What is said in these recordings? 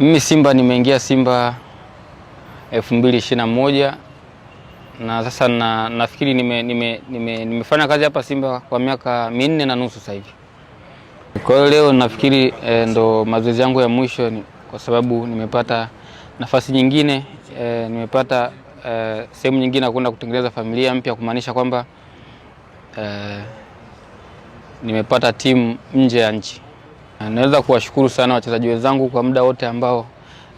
Mimi Simba nimeingia Simba 2021 na na sasa na, nafikiri nime, nime, nime, nimefanya kazi hapa Simba kwa miaka minne na nusu sasa hivi. Kwa hiyo leo nafikiri e, ndo mazoezi yangu ya mwisho ni, kwa sababu nimepata nafasi nyingine e, nimepata e, sehemu nyingine ya kwenda kutengeneza familia mpya, kumaanisha kwamba e, nimepata timu nje ya nchi. Ah, naweza kuwashukuru sana wachezaji wenzangu kwa muda wote ambao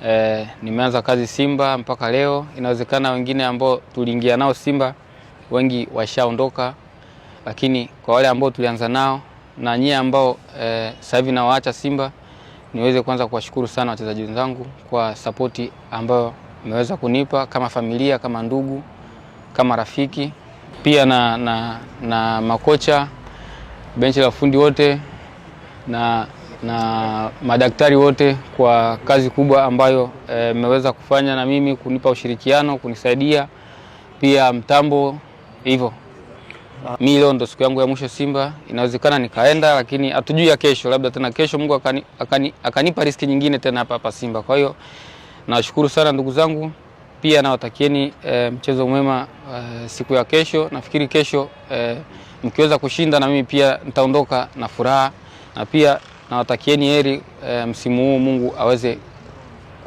e, nimeanza kazi Simba mpaka leo. Inawezekana wengine ambao tuliingia nao Simba wengi washaondoka, lakini kwa wale ambao tulianza nao na nyie ambao e, sasa hivi nawaacha Simba, niweze kwanza kuwashukuru sana wachezaji wenzangu kwa sapoti ambayo mmeweza kunipa kama familia, kama ndugu, kama rafiki, pia na, na, na makocha benchi la ufundi wote na na madaktari wote kwa kazi kubwa ambayo eh, mmeweza e, kufanya na mimi kunipa ushirikiano kunisaidia pia mtambo hivyo. Mi leo ndo siku yangu ya mwisho Simba, inawezekana nikaenda, lakini hatujui ya kesho, labda tena kesho Mungu akani, akani, akanipa riski nyingine tena hapa hapa Simba. Kwa hiyo nawashukuru sana ndugu zangu, pia nawatakieni e, mchezo mwema e, siku ya kesho. Nafikiri kesho e, mkiweza kushinda na mimi pia nitaondoka na furaha na pia nawatakieni heri e, msimu huu Mungu aweze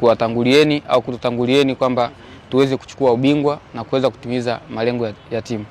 kuwatangulieni au kututangulieni kwamba tuweze kuchukua ubingwa na kuweza kutimiza malengo ya, ya timu.